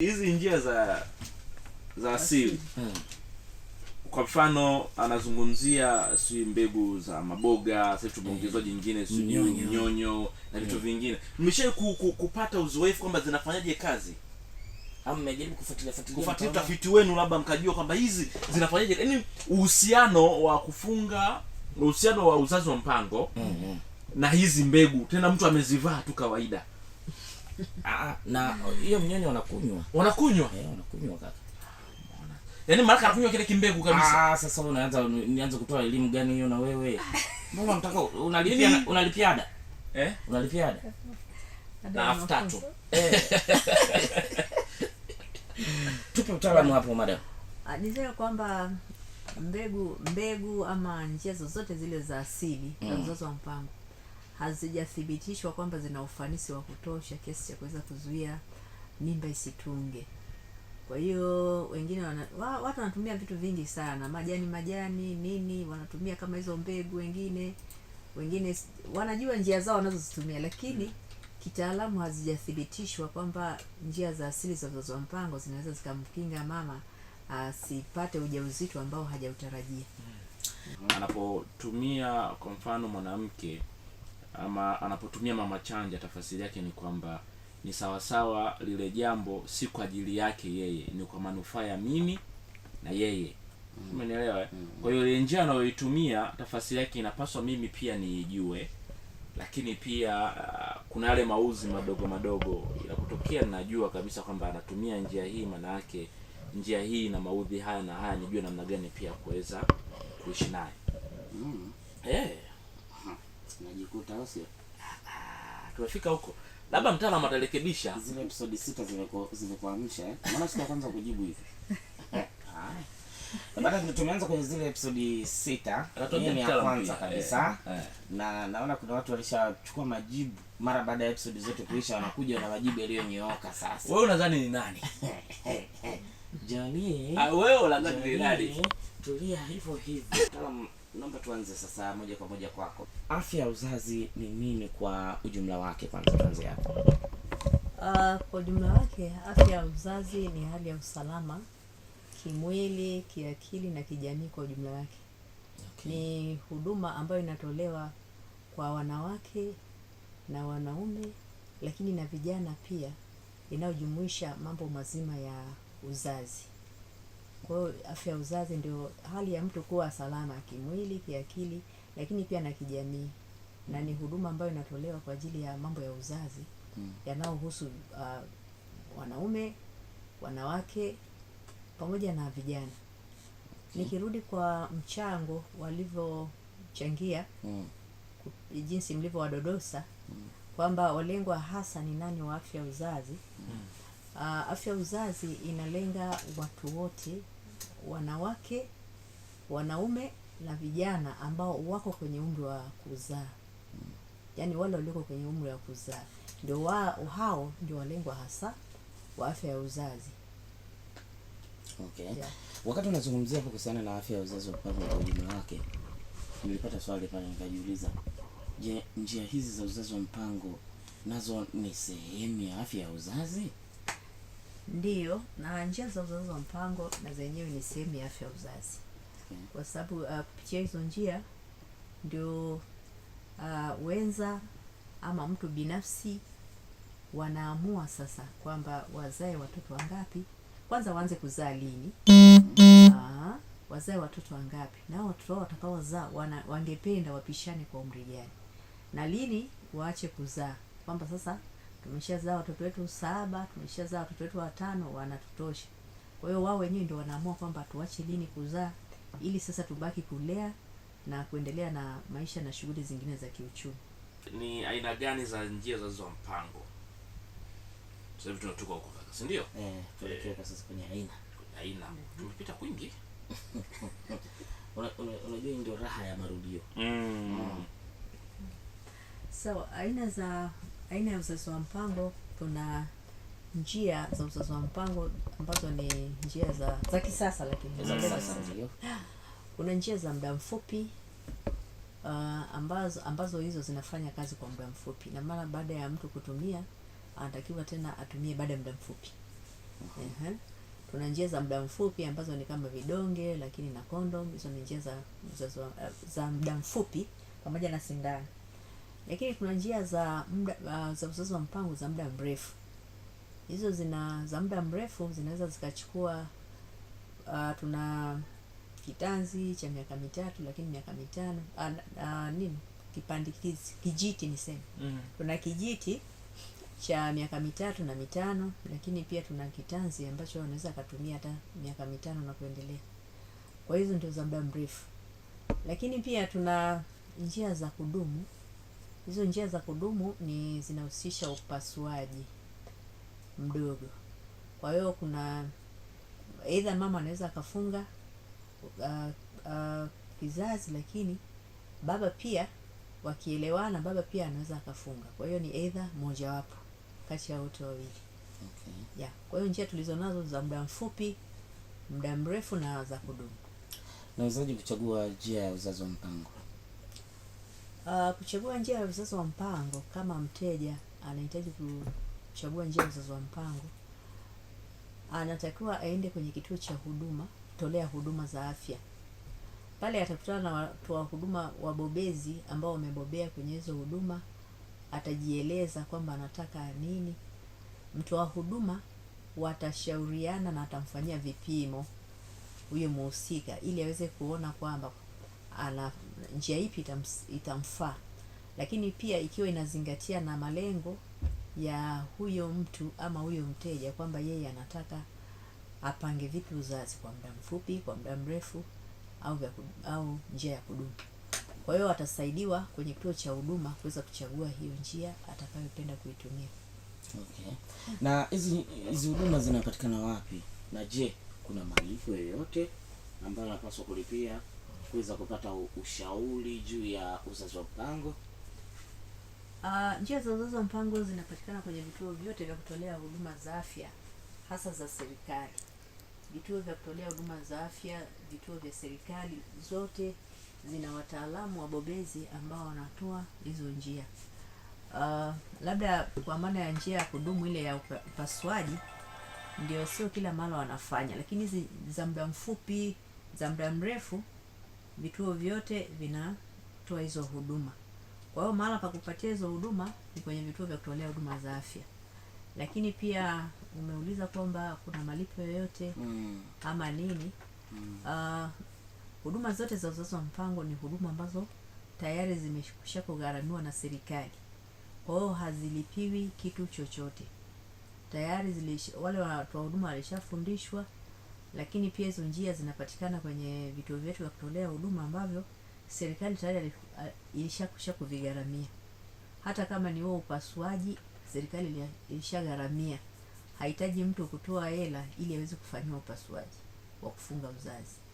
hizi njia za za asili hmm. Kwa mfano anazungumzia si mbegu za maboga, sasa tumeongezwa jingine si nyonyo na vitu hmm. vingine. Mmeshai ku, ku, kupata uzoefu kwamba zinafanyaje kazi au mmejaribu kufuatilia kufuatilia utafiti wenu, labda mkajua kwamba hizi zinafanyaje, yaani uhusiano wa kufunga, uhusiano wa uzazi wa mpango mm -hmm. na hizi mbegu, tena mtu amezivaa tu kawaida Ah, na hiyo mnyonyo wanakunywa wanakunywa eh, wanakunywa kaka. Yaani Maraka anakunywa kile kimbegu kabisa. Ah, sasa wewe unaanza nianze kutoa elimu gani hiyo na wewe? Mbona unataka unalipia unalipia ada? Eh? Unalipia ada? Na elfu tatu. Eh. Tupe utaalamu hapo madam. Ah, Nisema kwamba mbegu mbegu ama njia zozote zile za asili mm. na mzozo wa mpango hazijathibitishwa kwamba zina ufanisi wa kutosha kiasi cha kuweza kuzuia mimba isitunge. Kwa hiyo wengine wana, wa, watu wanatumia vitu vingi sana, majani majani nini, wanatumia kama hizo mbegu. Wengine wengine wanajua njia zao wanazozitumia, lakini mm. kitaalamu hazijathibitishwa kwamba njia za asili za uzazi wa mpango zinaweza zikamkinga mama asipate ujauzito ambao hajautarajia. Mm. Anapotumia kwa mfano mwanamke ama anapotumia mama chanja, tafasiri yake ni kwamba ni sawasawa lile jambo si kwa ajili yake yeye, ni kwa manufaa ya mimi na yeye. Umenielewa? mm. Eh? mm. Kwa hiyo ile njia anayoitumia tafasiri yake inapaswa mimi pia niijue, lakini pia uh, kuna yale mauzi madogo madogo ya kutokea najua kabisa kwamba anatumia njia hii, maana yake njia hii na maudhi haya na haya, nijue namna gani pia kuweza kuishi naye. mm. hey. Eh. Najikuta au sio? Ah, tumefika huko. Labda mtaalamu atarekebisha. Zile episode sita zimekuamsha eh? Maana sika kwanza kujibu hivi. Baada tumeanza kwenye zile episode sita ni ya kwanza kabisa eh, eh. na naona kuna watu walishachukua majibu mara baada ya episode zote kuisha, wanakuja na majibu yaliyonyooka. Sasa wewe unadhani ni nani? Johnny, ah, wewe unadhani ni nani? tulia hivyo hivyo. Mtaalamu, naomba tuanze sasa moja kwa moja kwako. Afya ya uzazi ni nini kwa ujumla wake? Kwanza tuanze hapo. Uh, kwa ujumla wake afya ya uzazi ni hali ya usalama kimwili, kiakili na kijamii kwa ujumla wake. Okay. Ni huduma ambayo inatolewa kwa wanawake na wanaume lakini na vijana pia, inayojumuisha mambo mazima ya uzazi. Kwa hiyo afya ya uzazi ndio hali ya mtu kuwa salama kimwili, kiakili, lakini pia na kijamii, na ni huduma ambayo inatolewa kwa ajili ya mambo ya uzazi mm. yanayohusu uh, wanaume, wanawake pamoja na vijana. Mm. Nikirudi kwa mchango walivyochangia mm. jinsi mlivyowadodosa mm. kwamba walengwa hasa ni nani wa afya ya uzazi mm. Uh, afya uzazi inalenga watu wote, wanawake, wanaume na vijana ambao wako kwenye umri wa kuzaa, yaani wale walioko kwenye umri wa kuzaa ndio wa, hao ndio walengwa hasa wa afya ya uzazi. Okay. Yeah. Wakati unazungumzia hapo kuhusiana na afya ya uzazi wa mpango kwa ujumla wake, nilipata swali pale nikajiuliza, je, njia hizi za uzazi wa mpango nazo ni sehemu ya afya ya uzazi? ndio na njia za uzazi wa mpango na zenyewe ni sehemu ya afya ya uzazi, kwa sababu uh, kupitia hizo njia ndio uh, wenza ama mtu binafsi wanaamua sasa kwamba wazae watoto wangapi, kwanza waanze kuzaa lini, uh, wazae watoto wangapi, nao watoto wao watakaozaa wangependa wapishane kwa umri gani, na lini waache kuzaa, kwamba sasa tumeshazaa watoto wetu saba, tumeshazaa watoto wetu watano, wanatutosha. Kwa hiyo wao wenyewe ndio wanaamua kwamba tuache lini kuzaa, ili sasa tubaki kulea na kuendelea na maisha na shughuli zingine za kiuchumi. Ni aina gani za njia za mpango? Sasa hivi tunatoka huko kaka, si ndio? Eh, tuelekea sasa kwenye aina kwenye aina, mm. tumepita kwingi. Unajua ndio raha ya marudio. Mm. So, aina za Aina ya uzazi wa mpango, kuna njia za uzazi wa mpango ambazo ni njia za za kisasa, lakini ndio kuna njia za muda mfupi uh, ambazo ambazo hizo zinafanya kazi kwa muda mfupi, na mara baada ya mtu kutumia anatakiwa tena atumie baada ya muda mfupi. uh-huh. tuna njia za muda mfupi ambazo ni kama vidonge, lakini na kondom. Hizo ni njia za za, za muda mfupi pamoja na sindano lakini kuna njia za muda uh, za uzazi wa mpango za muda mrefu. Hizo zina za muda mrefu zinaweza zikachukua uh, tuna kitanzi cha miaka mitatu lakini miaka mitano uh, uh, nini kipandikizi kijiti niseme mm. Tuna kijiti cha miaka mitatu na mitano, lakini pia tuna kitanzi ambacho anaweza akatumia hata miaka mitano na kuendelea. Kwa hizo ndio za muda mrefu, lakini pia tuna njia za kudumu Hizo njia za kudumu ni zinahusisha upasuaji mdogo. Kwa hiyo kuna aidha mama anaweza akafunga uh, uh, kizazi, lakini baba pia wakielewana, baba pia anaweza akafunga. Kwa hiyo ni aidha mojawapo kati ya wote wawili. Okay. Yeah. Kwa hiyo njia tulizo nazo za muda mfupi, muda mrefu na za kudumu. Nawezaje kuchagua njia ya uzazi wa mpango? Uh, kuchagua njia ya uzazi wa mpango, kama mteja anahitaji kuchagua njia ya uzazi wa mpango, anatakiwa aende kwenye kituo cha huduma tolea huduma za afya. Pale atakutana na wa huduma wabobezi ambao wamebobea kwenye hizo huduma, atajieleza kwamba anataka nini. wa huduma watashauriana na atamfanyia vipimo huyo mhusika ili aweze kuona kwamba ana njia ipi itamfaa, lakini pia ikiwa inazingatia na malengo ya huyo mtu ama huyo mteja kwamba yeye anataka apange vipi uzazi kwa muda mfupi, kwa muda mrefu au vya au njia ya kudumu. Kwa hiyo atasaidiwa kwenye kituo cha huduma kuweza kuchagua hiyo njia atakayopenda kuitumia. Okay. Na hizi hizi huduma zinapatikana wapi? Na je, kuna malipo yoyote ambayo anapaswa kulipia? kuweza kupata ushauri juu ya uzazi wa mpango? Uh, njia za uzazi wa mpango zinapatikana kwenye vituo vyote vya kutolea huduma za afya hasa za serikali. Vituo vya kutolea huduma za afya, vituo vya serikali zote zina wataalamu wabobezi ambao wanatoa hizo njia. Uh, labda kwa maana ya njia ya kudumu ile ya upasuaji ndio sio kila mara wanafanya, lakini hizi za muda mfupi, za muda mrefu vituo vyote vinatoa hizo huduma. Kwa hiyo mahala pa kupatia hizo huduma ni kwenye vituo vya kutolea huduma za afya. Lakini pia umeuliza kwamba kuna malipo yoyote mm. ama nini mm. Uh, huduma zote za uzazi wa mpango ni huduma ambazo tayari zimesha kugharamiwa na serikali, kwa hiyo hazilipiwi kitu chochote. Tayari wale wa huduma walishafundishwa lakini pia hizo njia zinapatikana kwenye vituo vyetu vya kutolea huduma ambavyo serikali tayari ilishakwisha kuvigharamia. Hata kama ni huo upasuaji, serikali ilishagharamia, hahitaji mtu kutoa hela ili aweze kufanyiwa upasuaji wa kufunga uzazi.